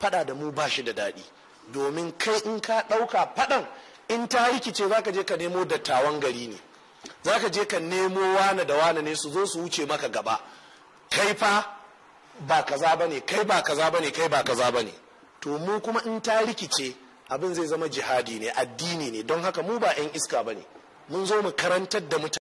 fada da mu ba shi da daɗi domin kai in ka ɗauka faɗan in ta rikice za ka je ka nemo dattawan gari ne za ka je ka nemo wane da wane ne su zo su wuce maka gaba kai fa ba kaza ba ne kai ba kaza ba ne kai ba kaza ba ne to mu kuma in ta rikice abin zai zama jihadi ne addini ne don haka mu ba 'yan iska ba ne mun zo mu karantar da mutane